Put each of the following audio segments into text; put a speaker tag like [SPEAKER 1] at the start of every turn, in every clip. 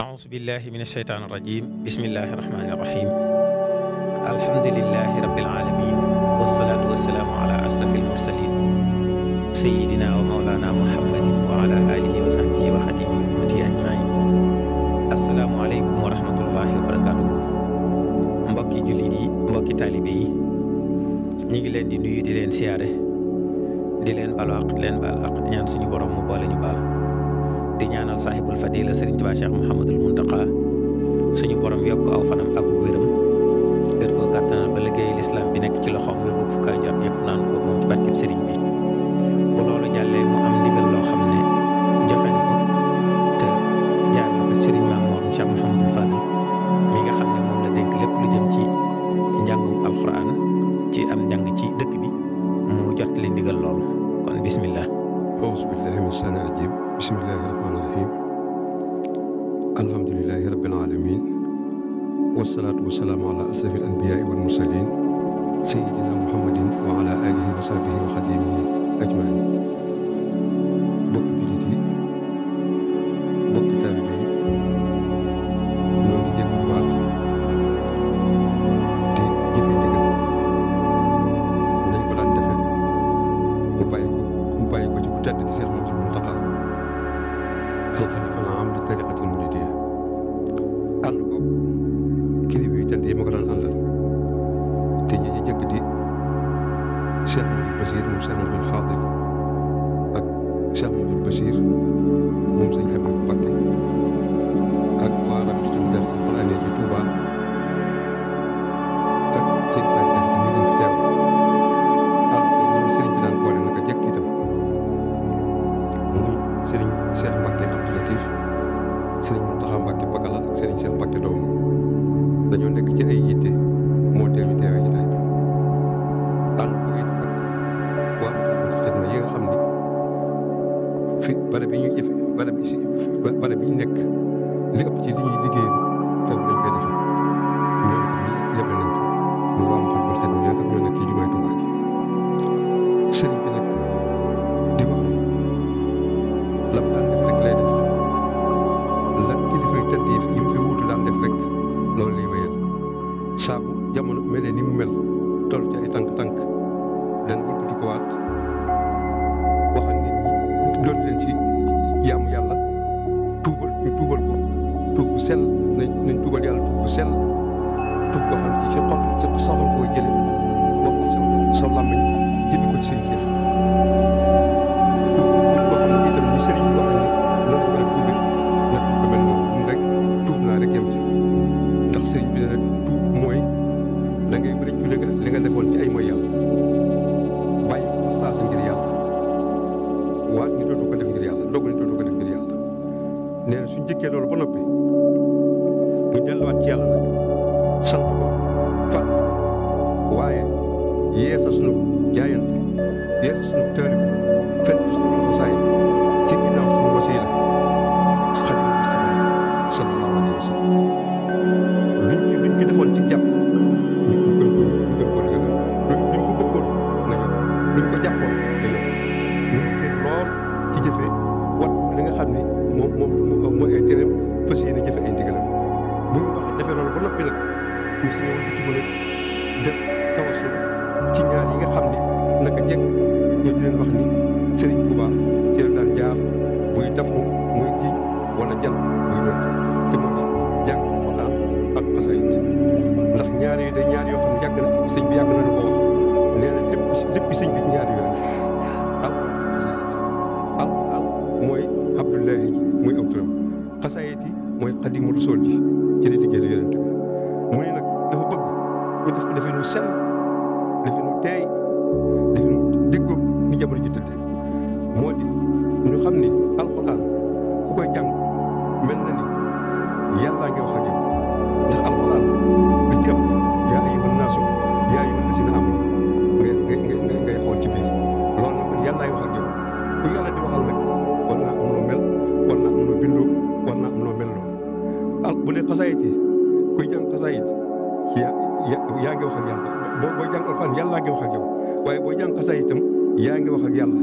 [SPEAKER 1] أعوذ بالله من الشيطان الرجيم بسم الله الرحمن الرحيم الحمد لله رب العالمين والصلاة والسلام على أشرف المرسلين سيدنا ومولانا محمد وعلى آله وصحبه وخديم أمتي أجمعين السلام عليكم ورحمة الله وبركاته مبكي jullit yi mbokki taalibe yi ñu ngi leen di nuyu di leen siyaare di leen balu aq di leen baal aq ñaan suñu borom mu boole ñu di ñaanal saaxibul fadila sëriñ Tuubaa Cheikh Mouhamadul Muntaqa suñu borom yokk aw fanam ak wéram gën koo kàttanal ba liggéey lislaam bi nekk ci loxoom yóbbu fukka njot yëpp naan ko moom ci barkib sëriñ bi bu loolu jàllee mu am ndigal loo xam ne joxe te jaar sëriñ maam moom Cheikh Mouhamadul Fadil mi nga xam ne moom la dénk lépp lu jëm ci njàngum alxuraan ci am njàng ci dëkk bi mu jot li ndigal loolu kon bismillah
[SPEAKER 2] بسم الله الرحمن الرحيم الحمد لله رب العالمين والصلاة والسلام على أشرف الأنبياء والمرسلين سيدنا محمد وعلى آله وصحبه وخديمه أجمعين li ëpp ci li ñuy liggéey xel bu dañ koy defee ñoom tamit yëpp nañ ko ñu am xol bu nekk di wax lam daan def rek lay def la kilifa yu tedd mu fi wuutu daan def rek loolu lay wéyal saabu jamono melee ni mu mel toll ci ay tànk-tànk dañ wëlbati ko waat wax nit ñi doon leen ci jaamu yàlla sell nañ nañ tuubal yàlla tuub bu tuub boo xam ne a tuube na tuub ci ndax yàlla bàyyi suñ jëkkee loolu ba noppi ñu delluwaat ci yàlla nag sant ko waaye yeesa sunu jaayante yeesa sunu tëri it ndax ñaar yooyu day ñaar yoo xam yàgg bi yàgg na lu ko wax nee na lépp bi ñaar yooyu aw xasaayit aw aw mooy Abdullahi ji muy aw turam xasaayit yi mooy ji ci la liggéey la yonent mu ne dafa bëgg ñu def ko defee nu sell defee nu teey defee nu diggoog ni jamono ji tëddee moo di xam ni alxuraan ku koy jàng mel ni yàllaa ngi wax ak ndax alxuraan lu ci yaa ayyuhan naasu yaa ayyuhal lazina aamanu ngay ngay ngay ci biir loolu nag kon yàllaay wax yow ku yàlla di waxal nag war naa am noo mel war naa am noo bindu war naa am noo mel noonu al bu dee xasaayit yi kuy jàng xasaayit yaa yaa ngi wax ak boo booy jàng alxuraan yàllaa ngi wax yow waaye booy jàng xasaayit yaa ngi wax ak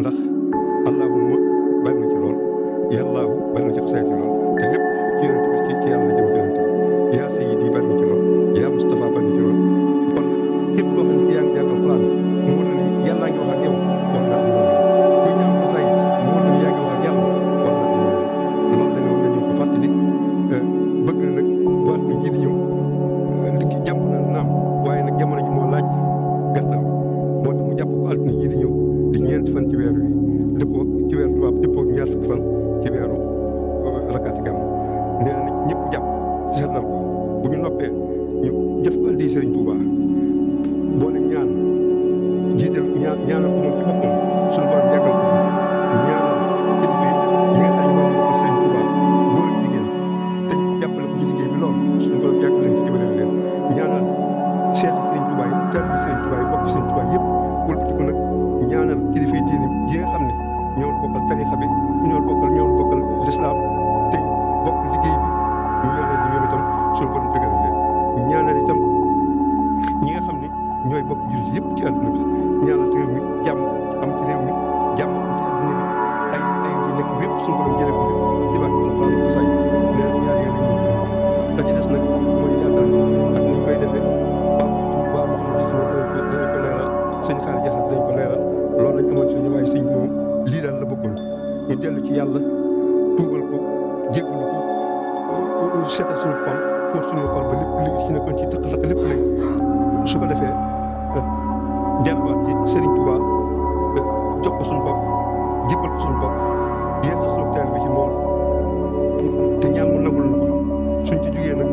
[SPEAKER 2] ndax Serigne Touba yi taalibe Serigne Touba yi bokk ci Serigne Touba yëpp wëlbatiku nag ñaanal kilifa yi diine yi nga xam ne ñoo bokkal tariixa bi ñoo bokkal ñoo bokkal lislaam te bokk liggéey bi ñu ñaanal ñoom itam suñu borom dëgëral leen ñaanal itam ñi nga xam ne ñooy bokk jullit yëpp ci àdduna ñu dellu ci yàlla tuubal ko jéggalu ko seetal suñu xol fóot suñu xol ba lépp li ci nekkoon ci tëq-tëq lépp léegi su ko defee delluwaat ci Serigne Touba jox ko suñu bopp jébbal ko suñu bopp yeesal suñu bi ci moom te ñaan mu nagul na ko ci jugee nag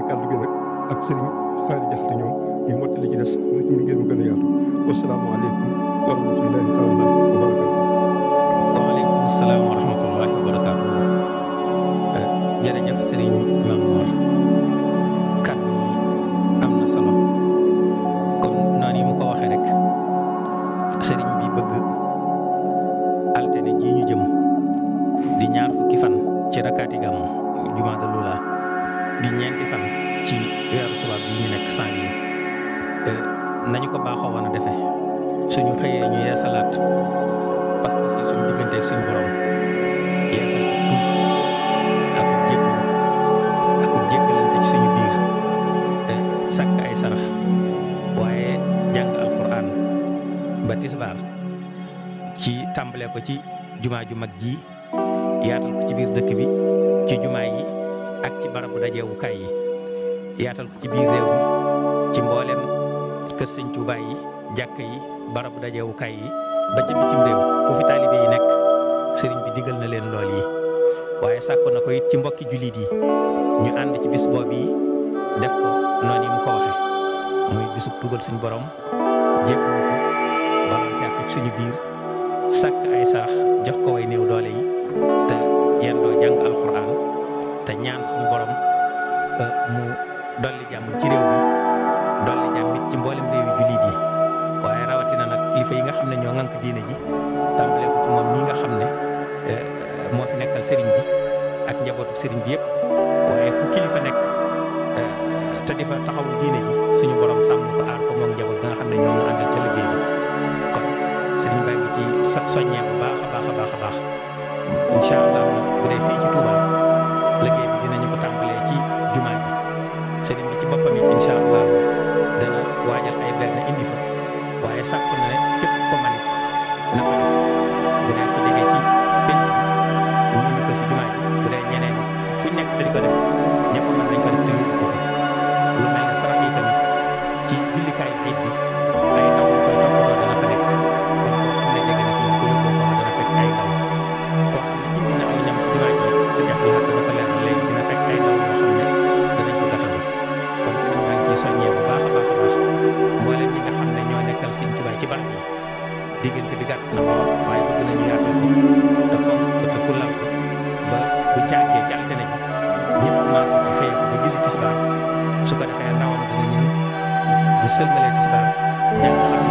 [SPEAKER 2] waaye kàddu gi nag ak sëriñ xaari jaxte ñoom ñu mottali ci des ñu ngir mu gën a yaatu wasalaamaaleykum wa rahmatullahi taala wa barakatu waaleykum salaam wa rahmatullahi wa barakaatu eh, jërëjëf sëriñ
[SPEAKER 1] Mamour kàddu yi am na solo comme noonu mu ko waxee rek sëriñ bi bëgg altine ji ñu jëm di ñaar fukki fan ci rakaati gàmmu jumaa da lula di fan ci weeru tubaab yi ñu nekk janvier nañu ko baaxoo woon a defee suñu xëyee ñu yeesalaat ya pas-pas yi suñu digganteeg suñu borom yeesal ya ak tuub ak jéggal ak jéggalante ci suñu biir e, sàkk ay sarax waaye jàng alquran ba tisbaar ci tàmbalee ko ci jumaa ju mag ji yaatal ko ci biir dëkk bi ci jumaa yi ak ci barabu dajewukaay yi yaatal ko ci biir rew mi ci mbollem keur seigne touba yi jakk yi barabu dajewukaay yi ba ci bitim rew fu fi taalibe yi nek sëriñ bi digal na len lol yi waye sàkk na ko it ci mbokki julit yi ñu and ci bis boobu def ko noni mu ko waxe muy bisu tugal suñu borom ko ci ak suñu biir sak ay sax jox ko way neew doole yi te yendo jang alxuraan te ñaan suñu borom mu dolli jàmm ci réew mi dolli jàmm ci mboolem réewi jullit yi waaye rawatina nag kilifa yi nga xam ne ñoo ŋànk diine ji tàmbalee ko ci moom ñi nga xam ne eh, eh, moo fi nekkal sëriñ bi ak njabootu sëriñ bi yëpp waaye fu kilifa nekk eh, te di fa taxawu diine ji suñu borom sàmm ko aar ko moom njaboot ga nga xam ne ñoom la àndal liggéey bi kon sëriñ baa ci soññee bu baax baax baax baax incha allah jàkkee ci altine ji ñëpp maase ci fay ko ba julli tisbaar su ko defee ndawam dina ñëw di sëlmalee tisbaar jàng xam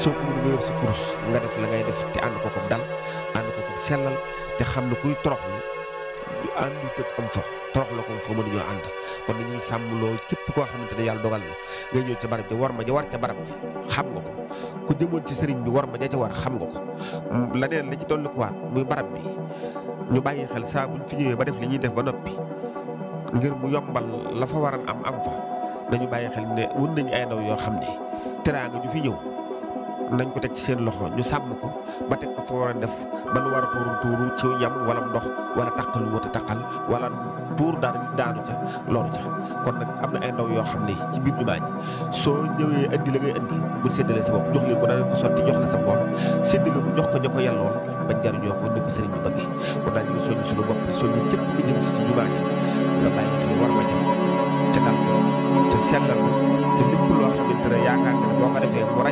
[SPEAKER 3] soo ko mënee yor sa kurus nga def la ngay def te ànd ko ko dal ànd ko ko sellal te xam ne kuy toroxlu àndu tëg am fa toroxlu ko fa mënuñoo ànd kon dañuy sàmmloo képp koo xamante ne yàlla dogal na ca barab ja war ma ja ca barab xam nga ko ku jëmoon ci sëriñ bi war ma ja xam nga la neen ci dolli ko waat muy barab ñu bàyyi xel saa fi ñëwee ba def li ñuy def ba noppi ngir mu yombal la fa waran am am fa dañu bàyyi xel ne wun nañu ay ndaw yoo xam ne teraanga ju fi ñëw nañ ko teg ci seen loxo ñu sàmm ko ba teg ko fa war a def ba nu war a tuuru tuuru ci ñam wala ndox wala taqal wata taqal wala tuur daal daanu ca loru ca kon nag am na ay ndaw yoo xam ne ci biir jumaa ji soo ñëwee indi la ngay indi bul séddalee sa bopp jox ko dana ko sotti jox la sa bopp séddale ko jox ko ña ko yelloon bañ jariñoo ko ni ko sëriñ bi bëggee kon daal ñu ngi soññ suñu bopp soññ képp ku jëm si ci jumaa ji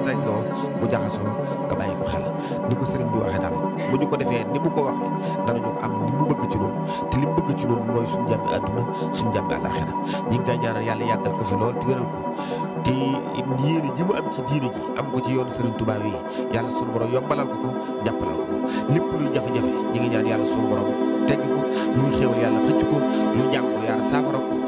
[SPEAKER 3] rek loo bu jaxasoo nga bàyyi ko xel ni ko sëriñ bi waxee daal bu ñu ko defee ni mu ko waxee danañu am ni mu bëgg ci noonu te li mu ci noonu mooy suñu jàmmi àdduna suñu jàmmi àllaaxira ñu ngi koy yàlla yàggal ko fi lool te wéral ko te yéene ji mu am ci diine ji am ko ci yoonu sëriñ Tuubaa yi yàlla suñu borom yombalal ko ko jàppalal ko lépp luy jafe-jafe ñu ngi yàlla suñu borom tegg ko luy xéewal yàlla xëcc ko luy jàng ko yàlla saafara ko